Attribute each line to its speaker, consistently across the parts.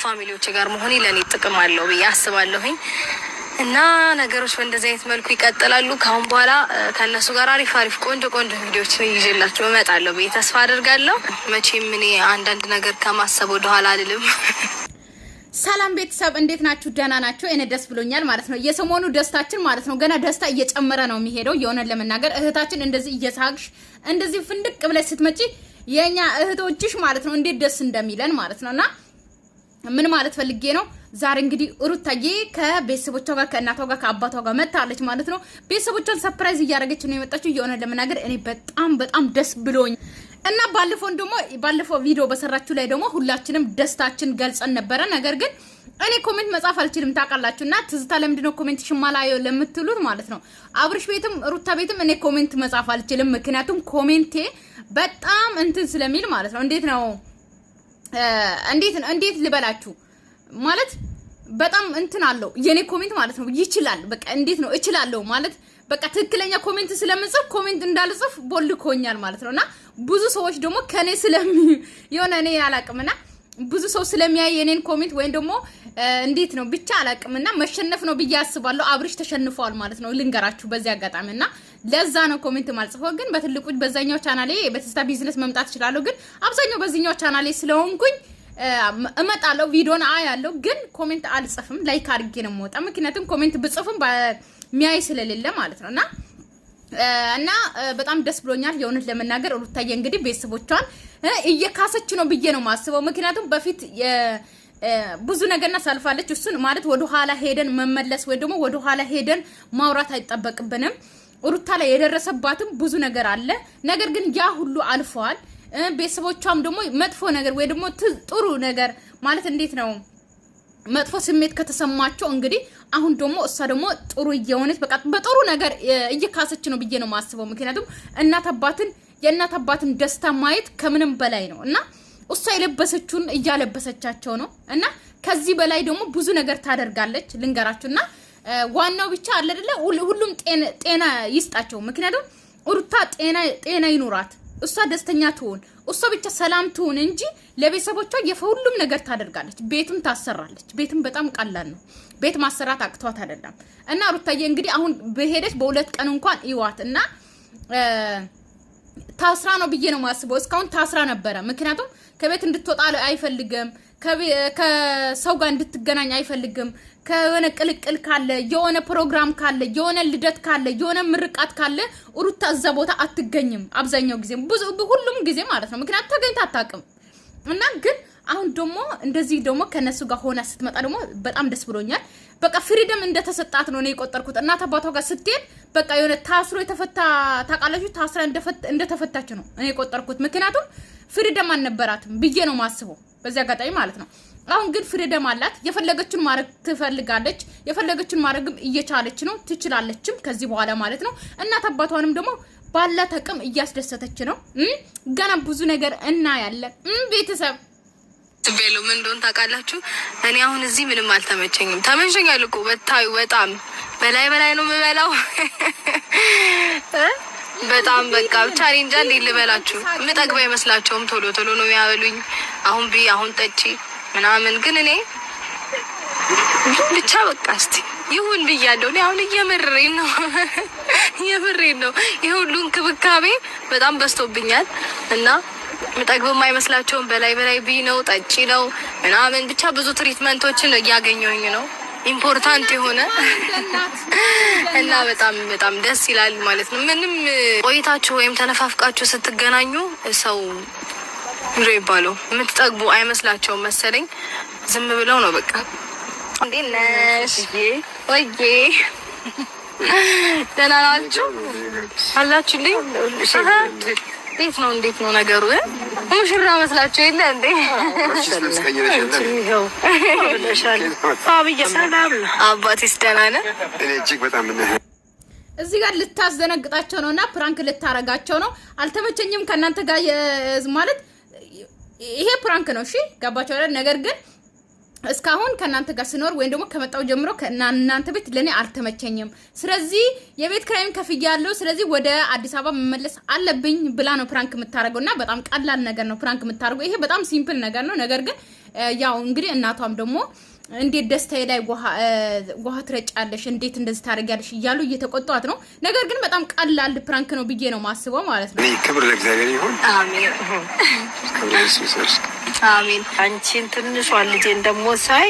Speaker 1: ከፋሚሊዎች ጋር መሆን ለእኔ ጥቅም አለው ብዬ አስባለሁኝ። እና ነገሮች በእንደዚህ አይነት መልኩ ይቀጥላሉ። ከአሁን በኋላ ከእነሱ ጋር አሪፍ አሪፍ ቆንጆ ቆንጆ ቪዲዮዎችን ይዤላችሁ እመጣለሁ ብዬ ተስፋ አድርጋለሁ። መቼም እኔ አንዳንድ ነገር ከማሰብ ወደኋላ አልልም። ሰላም ቤተሰብ እንዴት ናችሁ? ደህና ናቸው እኔ ደስ ብሎኛል ማለት ነው። የሰሞኑ ደስታችን ማለት ነው ገና ደስታ እየጨመረ ነው የሚሄደው። የሆነን ለመናገር እህታችን እንደዚህ እየሳቅሽ እንደዚህ ፍንድቅ ብለሽ ስትመጪ የእኛ እህቶችሽ ማለት ነው እንዴት ደስ እንደሚለን ማለት ነው እና ምን ማለት ፈልጌ ነው? ዛሬ እንግዲህ ሩታዬ ከቤተሰቦቿ ጋር ከእናቷ ጋር ከአባቷ ጋር መታለች ማለት ነው። ቤተሰቦቿን ሰፕራይዝ እያደረገች ነው የመጣችው። የሆነ ለመናገር እኔ በጣም በጣም ደስ ብሎኝ እና ባለፈውን ደግሞ ባለፈው ቪዲዮ በሰራችሁ ላይ ደግሞ ሁላችንም ደስታችን ገልጸን ነበረ። ነገር ግን እኔ ኮሜንት መጻፍ አልችልም ታውቃላችሁ። እና ትዝታ ለምንድን ነው ኮሜንት ሽማላየ ለምትሉት ማለት ነው አብርሽ ቤትም ሩታ ቤትም እኔ ኮሜንት መጻፍ አልችልም። ምክንያቱም ኮሜንቴ በጣም እንትን ስለሚል ማለት ነው እንዴት ነው እንዴት እንዴት ልበላችሁ ማለት በጣም እንትን አለው የኔ ኮሜንት ማለት ነው። ይችላል በቃ እንዴት ነው እችላለሁ ማለት በቃ ትክክለኛ ኮሜንት ስለምጽፍ ኮሜንት እንዳልጽፍ ቦልኮኛል ማለት ነው። እና ብዙ ሰዎች ደግሞ ከኔ ስለሚ የሆነ እኔ አላቅምና ብዙ ሰው ስለሚያይ የኔን ኮሜንት ወይም ደግሞ እንዴት ነው ብቻ አላቅምና መሸነፍ ነው ብዬ አስባለሁ። አብርሽ ተሸንፈዋል ማለት ነው ልንገራችሁ በዚህ አጋጣሚ እና ለዛ ነው ኮሜንት ማልጽፈው። ግን በትልቁ በዛኛው ቻናሌ በትዝታ ቢዝነስ መምጣት እችላለሁ። ግን አብዛኛው በዚኛው ቻናሌ ስለሆንኩኝ እመጣለሁ፣ ቪዲዮን አያለሁ። ግን ኮሜንት አልጽፍም። ላይክ አድርጌ ነው የምወጣ። ምክንያቱም ኮሜንት ብጽፍም ሚያይ ስለሌለ ማለት ነው እና እና በጣም ደስ ብሎኛል። የእውነት ለመናገር ሩታዬ እንግዲህ ቤተሰቦቿን እየካሰች ነው ብዬ ነው ማስበው ምክንያቱም በፊት ብዙ ነገር እናሳልፋለች። እሱን ማለት ወደ ኋላ ሄደን መመለስ ወይ ደግሞ ወደ ኋላ ሄደን ማውራት አይጠበቅብንም። ሩታ ላይ የደረሰባትም ብዙ ነገር አለ። ነገር ግን ያ ሁሉ አልፏል። ቤተሰቦቿም ደግሞ መጥፎ ነገር ወይ ደግሞ ጥሩ ነገር ማለት እንዴት ነው መጥፎ ስሜት ከተሰማቸው እንግዲህ አሁን ደግሞ እሷ ደግሞ ጥሩ እየሆነች በቃ በጥሩ ነገር እየካሰች ነው ብዬ ነው የማስበው። ምክንያቱም እናት አባትን የእናት አባትን ደስታ ማየት ከምንም በላይ ነው እና እሷ የለበሰችውን እያለበሰቻቸው ነው እና ከዚህ በላይ ደግሞ ብዙ ነገር ታደርጋለች ልንገራችሁ እና ዋናው ብቻ አለ አይደለ? ሁሉም ጤና ይስጣቸው። ምክንያቱም ሩታ ጤና ጤና ይኖራት፣ እሷ ደስተኛ ትሆን፣ እሷ ብቻ ሰላም ትሆን እንጂ ለቤተሰቦቿ የሁሉም ነገር ታደርጋለች። ቤትም ታሰራለች። ቤትም በጣም ቀላል ነው። ቤት ማሰራት አቅቷት አይደለም። እና ሩታዬ እንግዲህ አሁን በሄደች በሁለት ቀን እንኳን ይዋት እና ታስራ ነው ብዬ ነው ማስበው። እስካሁን ታስራ ነበረ። ምክንያቱም ከቤት እንድትወጣ አይፈልግም፣ ከሰው ጋር እንድትገናኝ አይፈልግም። ከሆነ ቅልቅል ካለ፣ የሆነ ፕሮግራም ካለ፣ የሆነ ልደት ካለ፣ የሆነ ምርቃት ካለ ሩታ እዛ ቦታ አትገኝም። አብዛኛው ጊዜ ብዙ ሁሉም ጊዜ ማለት ነው። ምክንያቱም ተገኝታ አታውቅም እና ግን አሁን ደግሞ እንደዚህ ደግሞ ከነሱ ጋር ሆና ስትመጣ ደግሞ በጣም ደስ ብሎኛል። በቃ ፍሪደም እንደተሰጣት ነው እኔ የቆጠርኩት። እናት አባቷ ጋር ስትሄድ በቃ የሆነ ታስሮ የተፈታ ታውቃላችሁ፣ ታስራ እንደተፈታች ነው እኔ የቆጠርኩት። ምክንያቱም ፍሪደም አልነበራትም ብዬ ነው ማስበው በዚህ አጋጣሚ ማለት ነው። አሁን ግን ፍሪደም አላት። የፈለገችን ማድረግ ትፈልጋለች። የፈለገችን ማድረግም እየቻለች ነው፣ ትችላለችም ከዚህ በኋላ ማለት ነው። እናት አባቷንም ደግሞ ባላት አቅም እያስደሰተች ነው። ገና ብዙ ነገር እናያለን ቤተሰብ ስቤለው ምን እንደሆነ ታውቃላችሁ? እኔ አሁን እዚህ ምንም አልተመቸኝም። ተመቸኛል እኮ በታዩ በጣም በላይ በላይ ነው የምበላው። በጣም በቃ ብቻ እኔ እንጃ እንዴት ልበላችሁ። ምጠግባ አይመስላቸውም። ቶሎ ቶሎ ነው የሚያበሉኝ። አሁን ብይ፣ አሁን ጠጪ ምናምን። ግን እኔ ብቻ በቃ እስቲ ይሁን ብያለሁ። እኔ አሁን እየምሬ ነው እየምሬ ነው። ይሄ ሁሉ እንክብካቤ በጣም በዝቶብኛል እና ምጠግብ የማይመስላቸውን በላይ በላይ ብይ ነው ጠጪ ነው ምናምን ብቻ ብዙ ትሪትመንቶችን እያገኘኝ ነው። ኢምፖርታንት የሆነ እና በጣም በጣም ደስ ይላል ማለት ነው። ምንም ቆይታችሁ ወይም ተነፋፍቃችሁ ስትገናኙ ሰው ምሮ ይባለው የምትጠግቡ አይመስላቸውም መሰለኝ። ዝም ብለው ነው በቃ እንዴት ነሽ ወይዬ ደህና ናችሁ አላችሁልኝ እንዴት ነው እንዴት ነው ነገሩ? ሙሽራ መስላቸው የለ እንዴ? አባቴስ ደህና ነህ? እዚህ ጋር ልታስደነግጣቸው ነው እና ፕራንክ ልታረጋቸው ነው። አልተመቸኝም ከእናንተ ጋር ማለት ይሄ ፕራንክ ነው። እሺ ገባቸው። ነገር ግን እስካሁን ከእናንተ ጋር ስኖር ወይም ደግሞ ከመጣው ጀምሮ እናንተ ቤት ለእኔ አልተመቸኝም። ስለዚህ የቤት ክራይም ከፍያለሁ። ስለዚህ ወደ አዲስ አበባ መመለስ አለብኝ ብላ ነው ፕራንክ የምታደርገው እና በጣም ቀላል ነገር ነው ፕራንክ የምታደርገው። ይሄ በጣም ሲምፕል ነገር ነው። ነገር ግን ያው እንግዲህ እናቷም ደግሞ እንዴት ደስታዬ ላይ ውሃ ትረጫለሽ፣ እንዴት እንደዚህ ታደርጊያለሽ እያሉ እየተቆጧት ነው። ነገር ግን በጣም ቀላል ፕራንክ ነው ብዬ ነው ማስበው ማለት
Speaker 2: ነው። ክብር ለእግዚአብሔር ይሁን።
Speaker 1: አሜን።
Speaker 3: አንቺን ትንሿን ልጄን ደግሞ ሳይ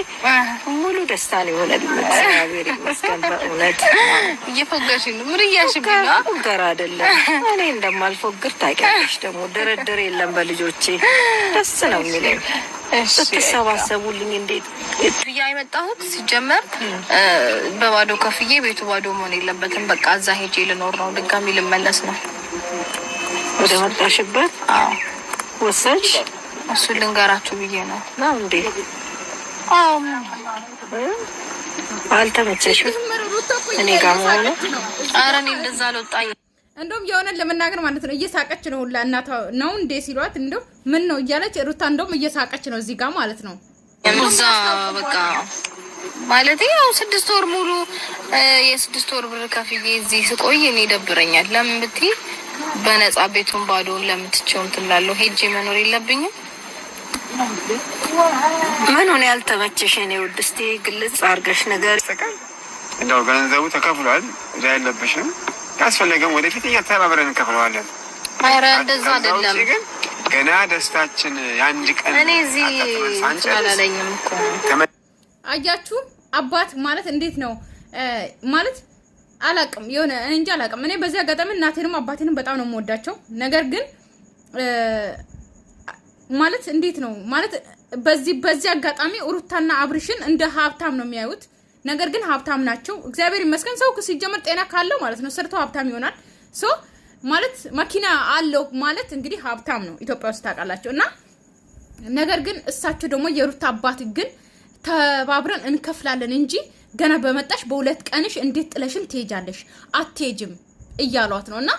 Speaker 3: ሙሉ ደስታ ነው የሆነልኝ። እግዚአብሔር ይመስገን።
Speaker 1: በእውነት እየፎገርሽ ነው። ምን እያልሽብኝ ነው?
Speaker 3: ፎገር አይደለም እኔ እንደማልፎግር ታውቂያለሽ። ደግሞ ድርድር የለም። በልጆቼ ደስ ነው የሚለኝ ስትሰባሰቡልኝ እንዴት
Speaker 1: የመጣሁት ሲጀመር በባዶ ከፍዬ ቤቱ ባዶ መሆን የለበትም። በቃ እዛ ሄጄ ልኖር ነው። ድጋሚ ልመለስ ነው
Speaker 3: ወደ መጣሽበት ወሰንሽ
Speaker 1: እሱ ልንገራችሁ ብዬ ነው።
Speaker 3: ነው እንዴ? አዎ። አልተመቸሽም እኔ ጋር መሆኑ?
Speaker 1: ኧረ እኔ እንደዛ አልወጣኝም። እንደውም የሆነን ለመናገር ማለት ነው እየሳቀች ነው ሁላ እናቷ ነው እንዴ ሲሏት፣ እንደው ምን ነው እያለች ሩታ እንደውም እየሳቀች ነው እዚህ ጋር ማለት ነው። እዛ በቃ ማለት ያው ስድስት ወር ሙሉ የስድስት ወር ብር ከፍዬ እዚህ ስቆይ እኔ ይደብረኛል። ለምን ብትይ በነጻ ቤቱን ባዶውን ለምትቸው እንትን ሄጄ መኖር የለብኝም ምን ሆነ ያልተመቸሽ? እኔ ውድ እስቲ ግልጽ አድርገሽ ነገር ይጠቃል።
Speaker 2: እንደው ገንዘቡ ተከፍሏል፣ እዛ ያለብሽም ካስፈለገም ወደፊት እያተባበረን እንከፍለዋለን።
Speaker 1: ኧረ እንደዛ አይደለም ግን
Speaker 2: ገና ደስታችን የአንድ ቀን
Speaker 1: እኔ እዚህ አላለኝም እኮ አያችሁ፣ አባት ማለት እንዴት ነው ማለት አላቅም፣ የሆነ እንጂ አላቅም። እኔ በዚህ አጋጣሚ እናቴንም አባቴንም በጣም ነው የምወዳቸው ነገር ግን ማለት እንዴት ነው ማለት በዚህ በዚህ አጋጣሚ ሩታና አብርሽን እንደ ሀብታም ነው የሚያዩት። ነገር ግን ሀብታም ናቸው፣ እግዚአብሔር ይመስገን። ሰው ሲጀምር ጤና ካለው ማለት ነው ሰርቶ ሀብታም ይሆናል። ሶ ማለት መኪና አለው ማለት እንግዲህ ሀብታም ነው ኢትዮጵያ ውስጥ ታውቃላቸው። እና ነገር ግን እሳቸው ደግሞ የሩታ አባት ግን ተባብረን እንከፍላለን እንጂ ገና በመጣሽ በሁለት ቀንሽ እንዴት ጥለሽን ትሄጃለሽ? አትሄጅም እያሏት ነው እና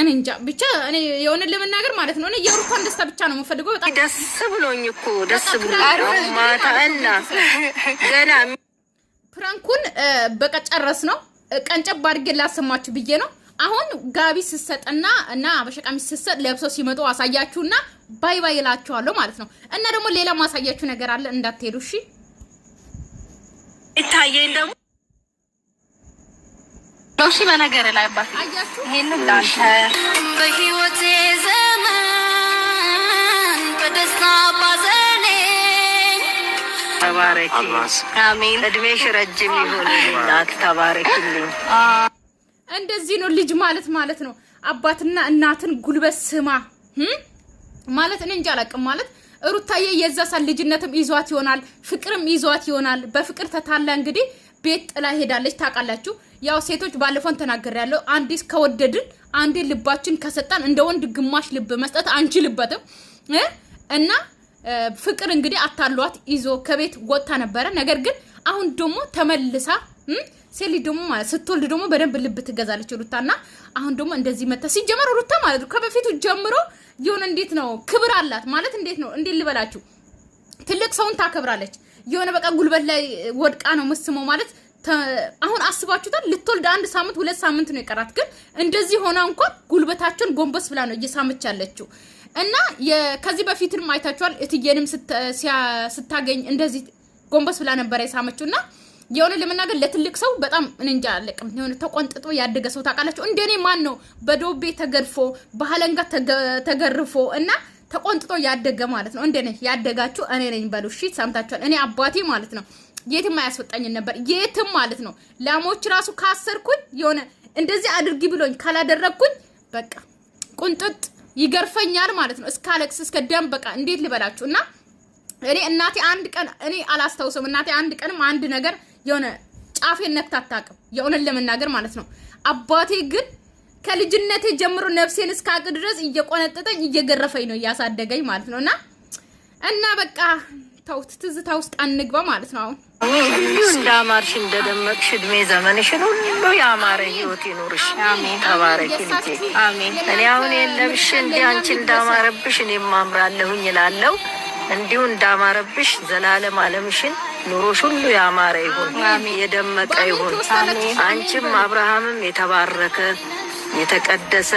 Speaker 1: እኔ እንጃ ብቻ እኔ የሆነን ለመናገር ማለት ነው እኔ የሩታን ደስታ ብቻ ነው የምፈልገው።
Speaker 3: በጣም ደስ ብሎኝ እኮ ደስ ብሎኝ ማታና ገና
Speaker 1: ፕራንኩን በቃ ጨረስ ነው ቀንጨብ አድርጌ ላሰማችሁ ብዬ ነው። አሁን ጋቢ ስሰጥና እና በሸቃሚ ስሰጥ ለብሰው ሲመጡ አሳያችሁና ባይ ባይ እላችኋለሁ ማለት ነው። እና ደግሞ ሌላ ማሳያችሁ ነገር አለ እንዳትሄዱ እሺ። ይታየኝ ደግሞ ዶሺ በነገር ላይ አባት ይሄንን በህይወቴ ዘመን
Speaker 3: በደስታ ባዘኔ አሜን። እድሜሽ ረጅም ይሁን እናት
Speaker 1: እንደዚህ ነው ልጅ ማለት ማለት ነው። አባትና እናትን ጉልበት ስማ ማለት እኔ እንጃ አላውቅም ማለት ሩታዬ የዛ ልጅነትም ይዟት ይሆናል፣ ፍቅርም ይዟት ይሆናል። በፍቅር ተታላ እንግዲህ ቤት ጥላ ሄዳለች። ታውቃላችሁ፣ ያው ሴቶች ባለፈውን ተናገር ያለው አንዴ ከወደድን አንዴ ልባችን ከሰጣን እንደ ወንድ ግማሽ ልብ መስጠት አንችልበትም እና ፍቅር እንግዲህ አታሏት ይዞ ከቤት ወጥታ ነበረ። ነገር ግን አሁን ደግሞ ተመልሳ ሴት ልጅ ደግሞ ማለት ስትወልድ ደግሞ በደንብ ልብ ትገዛለች ሩታ እና አሁን ደግሞ እንደዚህ መታ ሲጀመር ሩታ ማለት ነው ከበፊቱ ጀምሮ የሆነ እንዴት ነው ክብር አላት ማለት እንዴት ነው እንዴት ልበላችሁ ትልቅ ሰውን ታከብራለች። የሆነ በቃ ጉልበት ላይ ወድቃ ነው ምስመው ማለት አሁን አስባችሁታል። ልትወልድ አንድ ሳምንት ሁለት ሳምንት ነው የቀራት። ግን እንደዚህ ሆና እንኳን ጉልበታቸውን ጎንበስ ብላ ነው እየሳመች ያለችው እና ከዚህ በፊትም አይታችኋል። እትዬንም ስታገኝ እንደዚህ ጎንበስ ብላ ነበረ የሳመችው እና የሆነ ለመናገር ለትልቅ ሰው በጣም እንጃ አለቅም የሆነ ተቆንጥጦ ያደገ ሰው ታውቃላችሁ። እንደኔ ማን ነው በዶቤ ተገርፎ በሀለንጋ ተገርፎ እና ተቆንጥጦ ያደገ ማለት ነው። እንደኔ ያደጋችሁ እኔ ነኝ በሉ። እሺ ሰምታችኋል። እኔ አባቴ ማለት ነው የትም አያስወጣኝን ነበር፣ የትም ማለት ነው። ላሞች ራሱ ካሰርኩኝ የሆነ እንደዚህ አድርጊ ብሎኝ ካላደረግኩኝ በቃ ቁንጥጥ ይገርፈኛል ማለት ነው። እስከ አለቅስ እስከ ደም በቃ እንዴት ልበላችሁ እና እኔ እናቴ አንድ ቀን እኔ አላስታውሰም። እናቴ አንድ ቀንም አንድ ነገር የሆነ ጫፌን ነክታ አታውቅም፣ የእውነት ለመናገር ማለት ነው። አባቴ ግን ከልጅነቴ ጀምሮ ነፍሴን እስካቅ ድረስ እየቆነጠጠኝ እየገረፈኝ ነው እያሳደገኝ ማለት ነው እና በቃ ተውት፣ ትዝታ ውስጥ አንግባ ማለት ነው።
Speaker 3: አሁን እንዳማርሽ እንደደመቅሽ እድሜ ዘመንሽን ሁሉ ያማረ ህይወት ይኑርሽ። አሜን። ተባረኪ ልጄ። አሜን። እኔ አሁን የለብሽ እንዲ አንቺ እንዳማረብሽ እኔም ማምራለሁኝ ይላለው እንዲሁ እንዳማረብሽ ዘላለም አለምሽን ኑሮሽ ሁሉ ያማረ ይሁን፣ የደመቀ ይሁን። አንቺም አብርሃምም የተባረከ የተቀደሰ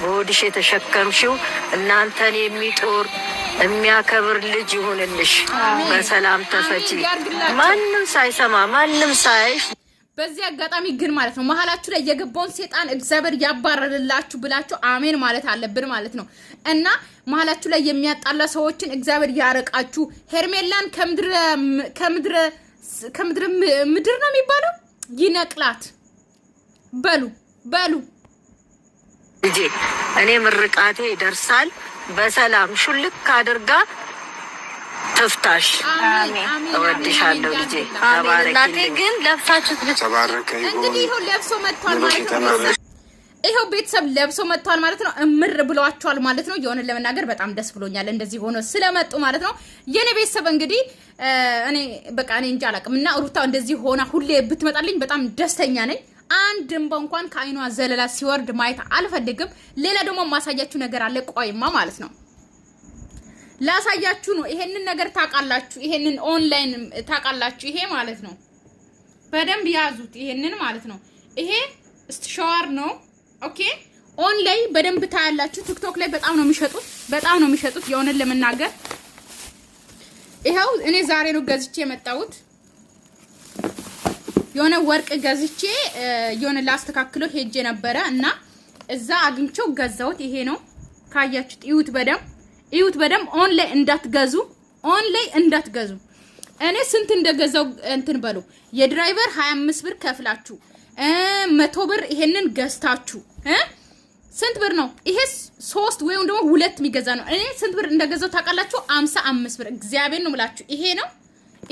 Speaker 3: በሆድሽ የተሸከምሽው እናንተን የሚጦር የሚያከብር ልጅ ይሁንልሽ፣ በሰላም ተፈቺ። ማንም ሳይሰማ ማንም ሳይሽ
Speaker 1: በዚህ አጋጣሚ ግን ማለት ነው መሀላችሁ ላይ የገባውን ሴጣን እግዚአብሔር ያባረርላችሁ ብላችሁ አሜን ማለት አለብን ማለት ነው። እና መሀላችሁ ላይ የሚያጣላ ሰዎችን እግዚአብሔር ያረቃችሁ። ሄርሜላን ከምድር ምድር ነው የሚባለው ይነቅላት። በሉ በሉ
Speaker 3: ልጄ እኔ ምርቃቴ ይደርሳል በሰላም ሹልክ አድርጋ ትፍታሽ። እወድሻለሁ ልጄ ተባረኪ።
Speaker 1: ግን ለብሳችሁት
Speaker 2: እንግዲህ ይሁን ለብሶ መጥቷል
Speaker 1: ማለት ነው። ይሄው ቤተሰብ ለብሶ መጥቷል ማለት ነው። እምር ብሏቸዋል ማለት ነው። የሆነ ለመናገር በጣም ደስ ብሎኛል እንደዚህ ሆኖ ስለመጡ ማለት ነው። የኔ ቤተሰብ እንግዲህ እኔ በቃ እኔ እንጃ አላውቅም እና ሩታ እንደዚህ ሆና ሁሌ ብትመጣልኝ በጣም ደስተኛ ነኝ። አንድ እንባ እንኳን ከአይኗ ዘለላ ሲወርድ ማየት አልፈልግም። ሌላ ደግሞ ማሳያችሁ ነገር አለ። ቆይማ ማለት ነው ላሳያችሁ ነው። ይሄንን ነገር ታውቃላችሁ፣ ይሄንን ኦንላይን ታውቃላችሁ። ይሄ ማለት ነው በደንብ ያዙት። ይሄንን ማለት ነው ይሄ ስትሻወር ነው። ኦኬ ኦንላይ በደንብ ታያላችሁ። ቲክቶክ ላይ በጣም ነው የሚሸጡት፣ በጣም ነው የሚሸጡት። የሆነን ለመናገር ይኸው እኔ ዛሬ ነው ገዝቼ የመጣሁት። የሆነ ወርቅ ገዝቼ የሆነ ላስተካክሎ ሄጄ ነበረ እና እዛ አግኝቼው ገዛሁት። ይሄ ነው ካያችሁት፣ እዩት በደም እዩት በደምብ። ኦንላይን እንዳትገዙ፣ ኦንላይን እንዳትገዙ። እኔ ስንት እንደገዛው እንትን በሉ። የድራይቨር 25 ብር ከፍላችሁ መቶ ብር ይሄንን ገዝታችሁ ስንት ብር ነው ይሄ? ሶስት ወይም ደግሞ ሁለት የሚገዛ ነው። እኔ ስንት ብር እንደገዛው ታውቃላችሁ? አምሳ አምስት ብር እግዚአብሔር ነው የምላችሁ ይሄ ነው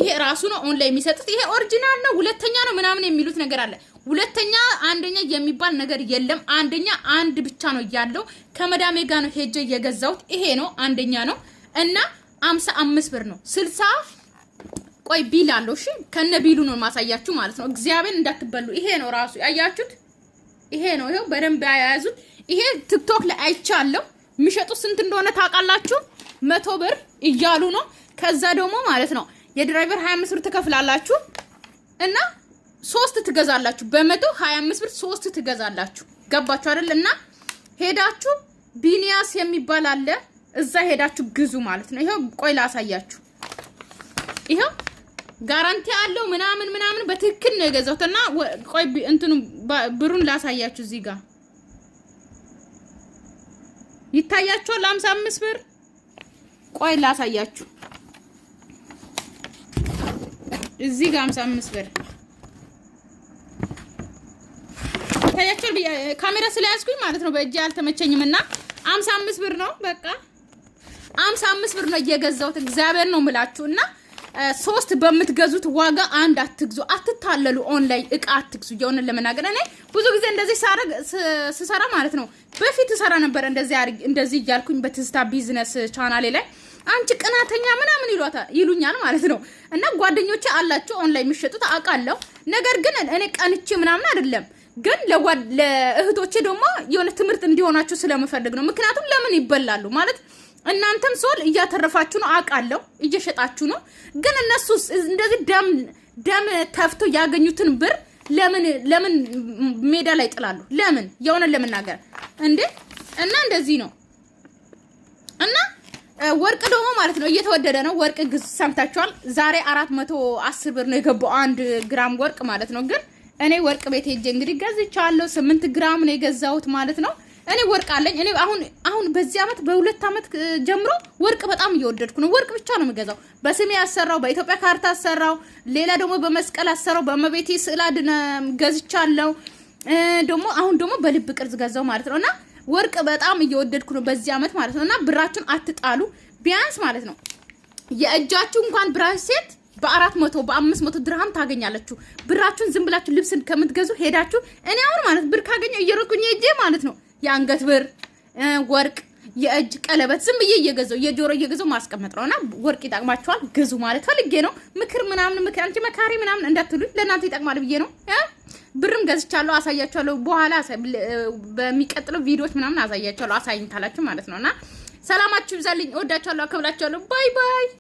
Speaker 1: ይሄ ራሱ ነው ኦን ላይ የሚሰጥት ይሄ ኦሪጂናል ነው ሁለተኛ ነው ምናምን የሚሉት ነገር አለ። ሁለተኛ አንደኛ የሚባል ነገር የለም። አንደኛ አንድ ብቻ ነው ያለው። ከመዳሜ ጋር ነው ሄጄ የገዛሁት። ይሄ ነው አንደኛ ነው እና አምሳ አምስት ብር ነው ስልሳ ቆይ ቢል አለው። እሺ ከነ ቢሉ ነው ማሳያችሁ ማለት ነው። እግዚአብሔር እንዳትበሉ። ይሄ ነው ራሱ ያያችሁት። ይሄ ነው ይሄው በደንብ ያያዙት። ይሄ ቲክቶክ ላይ አይቻለሁ። የሚሸጡት ስንት እንደሆነ ታውቃላችሁ? መቶ ብር እያሉ ነው። ከዛ ደግሞ ማለት ነው የድራይቨር 25 ብር ትከፍላላችሁ እና ሶስት ትገዛላችሁ። በመቶ 25 ብር ሶስት ትገዛላችሁ። ገባችሁ አይደል? እና ሄዳችሁ ቢኒያስ የሚባል አለ እዛ ሄዳችሁ ግዙ ማለት ነው። ይሄው ቆይ ላሳያችሁ። ይሄው ጋራንቲ አለው ምናምን ምናምን በትክክል ነው የገዛሁትና ቆይ እንትኑ ብሩን ላሳያችሁ። እዚህ ጋር ይታያችኋል 55 ብር። ቆይ ላሳያችሁ። እዚህ ጋር 55 ብር ታያችሁ። ካሜራ ስለያዝኩኝ ማለት ነው በእጅ አልተመቸኝም እና 55 ብር ነው በቃ 55 ብር ነው እየገዛሁት። እግዚአብሔር ነው የምላችሁ እና ሶስት በምትገዙት ዋጋ አንድ አትግዙ፣ አትታለሉ። ኦንላይን እቃ አትግዙ። የሆነን ለመናገር እኔ ብዙ ጊዜ እንደዚህ ሳረግ ስሰራ ማለት ነው በፊት ሰራ ነበር እንደዚህ እንደዚህ እያልኩኝ በትዝታ ቢዝነስ ቻናሌ ላይ አንቺ ቅናተኛ ምናምን ይሏታል ይሉኛል ማለት ነው። እና ጓደኞቼ አላቸው ኦንላይን የሚሸጡት አውቃለሁ። ነገር ግን እኔ ቀንቼ ምናምን አይደለም ግን ለእህቶቼ ደግሞ የሆነ ትምህርት እንዲሆናችሁ ስለምፈልግ ነው። ምክንያቱም ለምን ይበላሉ ማለት እናንተም ሶል እያተረፋችሁ ነው አውቃለሁ፣ እየሸጣችሁ ነው። ግን እነሱስ እንደዚህ ደም ደም ተፍቶ ያገኙትን ብር ለምን ለምን ሜዳ ላይ ጥላሉ ለምን የሆነ ለመናገር እንዴ! እና እንደዚህ ነው እና ወርቅ ደግሞ ማለት ነው እየተወደደ ነው። ወርቅ ግዙ ሰምታችኋል። ዛሬ አራት መቶ አስር ብር ነው የገባው አንድ ግራም ወርቅ ማለት ነው። ግን እኔ ወርቅ ቤት ሄጄ እንግዲህ ገዝቻለሁ። ስምንት ግራም ነው የገዛሁት ማለት ነው። እኔ ወርቅ አለኝ። እኔ አሁን አሁን በዚህ አመት በሁለት አመት ጀምሮ ወርቅ በጣም እየወደድኩ ነው። ወርቅ ብቻ ነው የምገዛው። በስሜ አሰራው፣ በኢትዮጵያ ካርታ አሰራው፣ ሌላ ደግሞ በመስቀል አሰራው፣ በመቤቴ ስዕል አድነ ገዝቻለሁ። ደግሞ አሁን ደግሞ በልብ ቅርጽ ገዛው ማለት ነው እና ወርቅ በጣም እየወደድኩ ነው በዚህ አመት ማለት ነው። እና ብራችሁን አትጣሉ ቢያንስ ማለት ነው የእጃችሁ እንኳን ብራሴት በአራት መቶ በአምስት መቶ ድርሃም ታገኛለችሁ ብራችሁን ዝም ብላችሁ ልብስን ከምትገዙ ሄዳችሁ እኔ አሁን ማለት ብር ካገኘው እየሮጥኩኝ እጄ ማለት ነው የአንገት ብር ወርቅ የእጅ ቀለበት ዝም ብዬ እየገዘው የጆሮ እየገዘው ማስቀመጥ ነው እና ወርቅ ይጠቅማቸዋል፣ ግዙ ማለት ፈልጌ ነው። ምክር ምናምን ምክር አንቺ መካሪ ምናምን እንዳትሉኝ፣ ለእናንተ ይጠቅማል ብዬ ነው። ብርም ገዝቻለሁ፣ አሳያቸዋለሁ። በኋላ በሚቀጥለው ቪዲዮዎች ምናምን አሳያቸዋለሁ። አሳይኝታላችሁ ማለት ነው እና ሰላማችሁ ይብዛልኝ። እወዳችኋለሁ፣ አከብራችኋለሁ። ባይ ባይ።